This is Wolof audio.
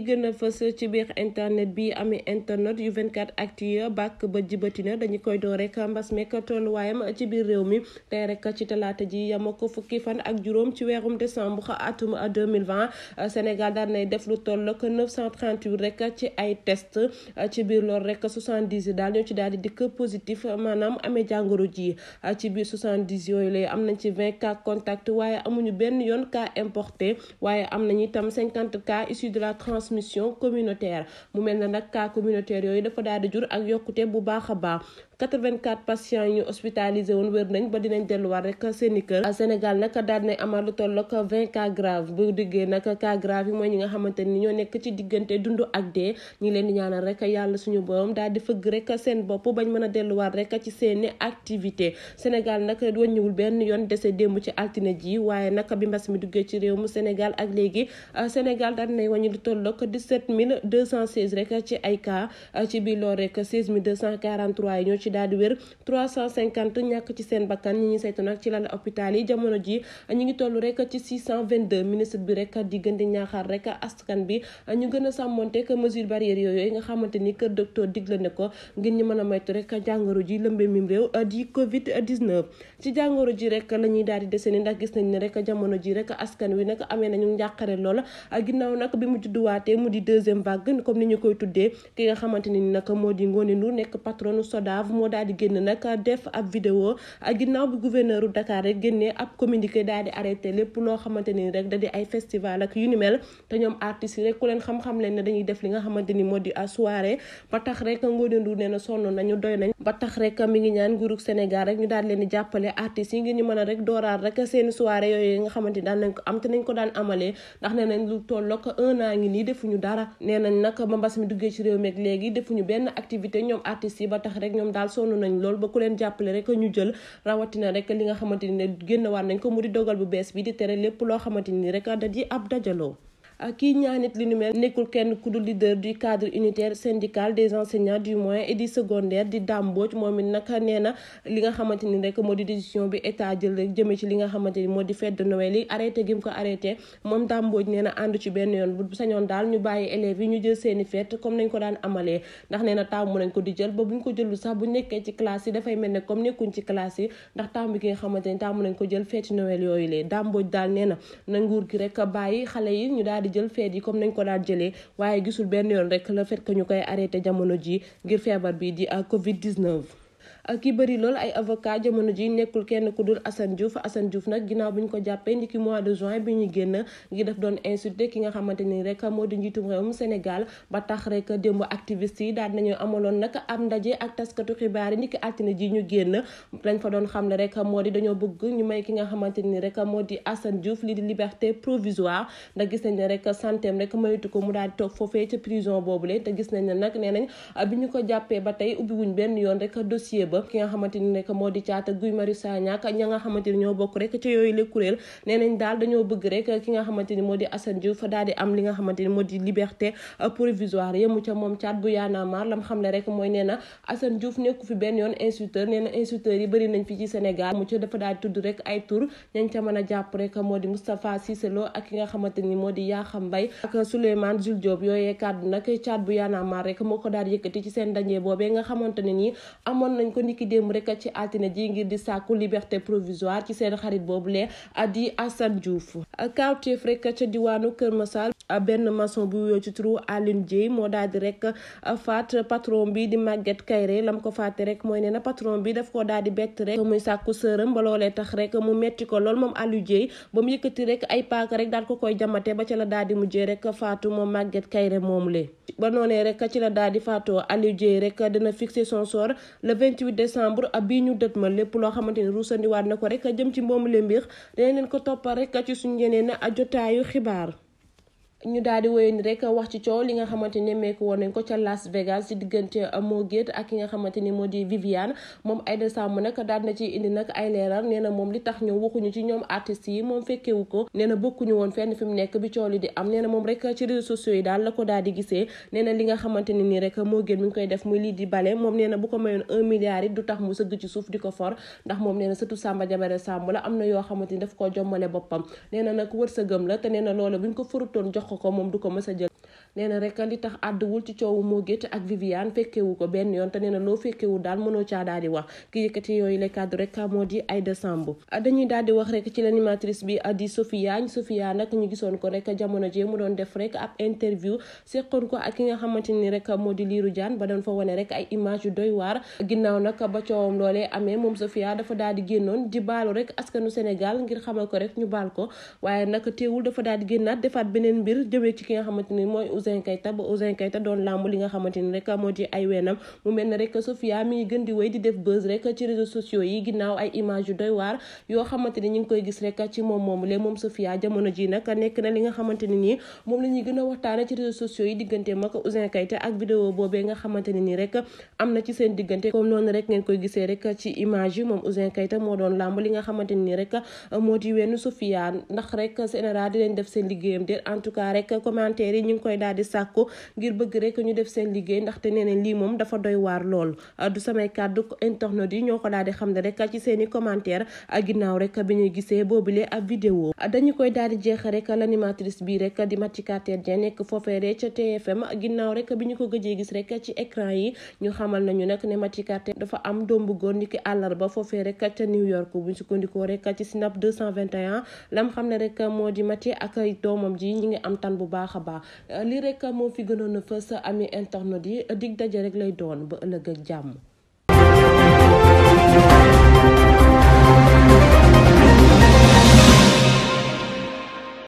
li gën a fës ci biir internet bi ami internet yu 24 actu ya bàkk ba jibatina dañu koy door rek mbas mekk tolluwaayam ci biir réew mi tey rek ci talaata ji yama ko fukki fan ak juróom ci weerum décembre atum 2020 Sénégal daan nay def lu toll ak 938 rek ci ay test ci biir loolu rek 70 daal ñoo ci daal di dikk positif maanaam amee jàngoro ji ci biir 70 yooyu lay am nañ ci 20 cas contact waaye amuñu benn yoon cas importé waaye am nañu itam 50 cas issus de la trans transmission communautaire mu mel na nag cas communautaire yooyu dafa daal di jur ak yokkute bu baax a baax 84 patients yi ñu hospitalisé woon wér nañ ba dinañ delluwaat rek seeni kër Sénégal nag daal dinañ amaat lu toll ak 20 nag cas grave mooy ñi nga xamante ni ñoo nekk ci diggante dund ak dee ñi leen di ñaanal rek yàlla suñu borom daal di fëgg rek seen bopp bañ mën a delluwaat rek ci seeni activité Sénégal nag wàññiwul benn yoon dese démb ci altine ji waaye nag bi mbas mi duggee ci réew mu Sénégal ak léegi Sénégal daal dinañ wàññi lu toll tolloog 17 216 rek ci ay cas ci biir loolu rek 16 243 yi ñoo ci daal di wér 350 ñàkk ci seen bakkan ñi ñuy saytu nag ci lal hôpital yi jamono ji ñu ngi toll rek ci 622 ministre bi rek di gën di ñaaxaar rek askan bi ñu gën a sàmmonte que mesure barrière yooyu nga xamante ni kër docteur digle na ko ngir ñu mën a moytu rek jàngoro ji lëmbe mim réew di covid 19 ci jàngoro ji rek la ñuy daal di dese ni ndax gis nañ ne rek jamono ji rek askan wi nag amee nañu njàqare lool ginnaaw nag bi mu fàtte mu di deuxième vague comme ni ñu koy tuddee ki nga xamante ni nag moo di Ngoné Ndour nekk patron SODAV moo daal di génn def ab vidéo ak ginnaaw bi gouverneur u Dakar rek génnee ab communiqué di arrêté lépp loo xamante ni rek da di ay festival ak yu ni mel te ñoom artistes yi rek ku leen xam-xam leen ne dañuy def li nga xamante ni moo di à soirée ba tax rek Ngoné Ndour nee na sonn nañu doy nañ ba tax rek mi ngi ñaan nguurug Sénégal rek ñu daal leen di jàppale artistes yi ngir ñu mën a rek dooraat rek seen soirée yooyu nga xamante ni daan nañ ko am te nañ ko daan amalee ndax nee nañ lu tollook un an ngi nii def ñu dara nee nañ nag ba mbas mi duggee ci réew meeg léegi defuñu benn activité ñoom artistes yi ba tax rek ñoom daal sonn nañ lool ba ku leen jàppale rek ñu jël rawatina rek li nga xamante ni génn waat nañ ko mu di dogal bu bees bi di tere lépp loo xamante ni rek da di ab dajaloo kii ñaanit li nu mel nekkul kenn ku du leader du cadre unitaire syndical des enseignants du moyen et secondaire di Dame moom it nag nee na li nga xamante ni rek moo di décision bi état jël rek jëmee ci li nga xamante ni moo di fête de Noël yi arrêté gi benn yoon bu sañoon daal ñu bàyyi élèves yi ñu jël ko daan amalee ndax nee na taamu nañ ko di jël ba buñ ko jëlul bu nekkee ci classe yi mel ne comme nekkuñ ci classe yi ndax taamu gi ko jël fête Noël yooyu lee Dame Mbodj daal nee na na nguur gi rek bàyyi xale yi ñu daal jël feet yi comme nañ ko daan jëlee waaye gisul benn yoon rek la fait que ñu koy arrêté jamono ji ngir feebar bi di ak euh, covid 19 ki bëri loolu ay avocat jamono ji nekkul kenn ku dul Assane Diouf Assane Diouf nag ginaaw bi ñu ko jàppee ndiki mois de juin bi ñu génn ngi def doon insulté ki nga xamante ni rek moo di njiitum réewum Sénégal ba tax rek démb activiste yi daal nañu amaloon nag am ndaje ak taskatu xibaar yi ndiki altine ji ñu génn lañ fa doon xamle rek moo di dañoo bëgg ñu may ki nga xamante ni rek moo di Assane Diouf lii di liberté provisoire ndax gis nañ ne rek santeem rek mayutu ko mu daal di toog foofee ca prison boobule te gis nañ ne nag nee nañ bi ñu ko jàppee ba tey ubbi benn yoon rek dossier ba ki nga xamante ni nekk moo di caata Guy Marius Sagna ak ña nga xamante ni ñoo bokk rek ci yooyu le kuréel nee nañ daal dañoo bëgg rek ki nga xamante ni moo di Assane Diouf daal di am li nga xamante ni moo di liberté euh, provisoire yemu ca moom caat bu yaana rek na Assane a jàpp rek moo ko daal yëkkati ci seen ndaje boobee nga xamante ne nii amoon nañ ko ko niki démb rek ci altine ji ngir di sàkku liberté provisoire ci seen xarit boobu lee di Assane Diouf kawteef a ca diwaanu Kër Masar benn maçon bu wuyoo ci turu Alioune Dieye moo daal di rek faat patron bi di Maguette Kayre lam ko faate rek mooy nee na patron bi daf ko daal di bett rek muy sàkku sërëm ba loolee tax rek mu metti ko lool moom Alioune Dieye ba mu yëkkati rek ay paaka rek daal ko koy jamate ba ca la daal di mujjee rek faatu moom Maguette Kayre moom lee ba noonee rek ci la daal di faatoo Alioune Dieye rek dina fixer son sor le decembre décembre bii ñu dët ma lépp loo xamante ni ruusandiwaat na ko rek jëm ci mboomu le mbir dinañ leen ko toppal rek ci suñu yeneen a jotaayu xibaar ñu daal di woy ni rek wax ci coow li nga xamante ni meeku woon nañ ko ca Las Vegas ci euh, ni moo di Viviane moom Aïda Samb nag daal na ci indi nag ay leeral nee na moom li tax ñoom waxuñu ci ñoom artistes yi moom fekkewu ko nee na bokkuñu woon fenn fi mu nekk bi coow li am nee moom rek ci réseaux sociaux yi daal la ko daal di gisee nee na li nga xamante ni nii rek moo Gates mi ngi koy def muy lii di bale moom nee na bu ko mayoon un milliard it du tax mu sëgg ci suuf di ko for ndax moom nee na surtout Samba Jabare Samb la am na yoo xamante ni daf ko jommale boppam nee na nag wërsëgam la te nee na loolu buñ ko furutoon jox ko moom du ko mës a jël nee na rek li tax àdduwul ci coowu moo gétt ak Viviane fekkewu ko benn yoon te nee na loo fekkewul daal mënoo caa daal di wax ki yëkkati yooyu la kàddu rek moo di Aïda Samb dañuy daal di wax rek bi di Sophia Sophia nag ñu gisoon ko rek jamono jee mu doon def rek ab interview seqoon ko ak ki nga xamante ni rek moo di liiru jaan ba doon fa wane rek ay image yu doy waar ginnaaw nag ba coowam loolee amee moom Sophia dafa daal di génnoon di baalu rek askanu Sénégal ngir xamal ko rek ñu baal ko waaye nag teewul dafa daal di génnaat defaat beneen mbir Ouzin Keita ba Ouzin Keita doon làmb li nga xamante ni rek moo di a waxtaane ci réseaux sociaux ndax rek général def seen liggéeyam déet en tout cas rek commentaire yi ñu koy daal daal di sàkku ngir bëgg rek ñu def seen liggéey ndaxte nee na lii moom dafa doy waar lool du samay kàddu internet yi ñoo ko daal di xam ne rek i commentaire ak ginnaaw rek bi ñuy gisee boobule ab vidéo dañu koy daal di jeex rek l'animatrice bii rek di Mathika Thér Dieng nekk foofeere ca TFM ginnaaw rek bi ñu ko gëjee gis rek ci écran yi ñu xamal nañu nag ne Mathika Thér dafa am doom bu góor niki àllarba foofee rek ca New York bu ñu sukkandikoo rek ci Snap lam xam ne rek moo di Mathia ak doomam ji ñi ngi am tan bu baax a baax lii rek moo fi gënoon a sa ami internet yi dig daje rek lay doon ba ëllëg ak jàmm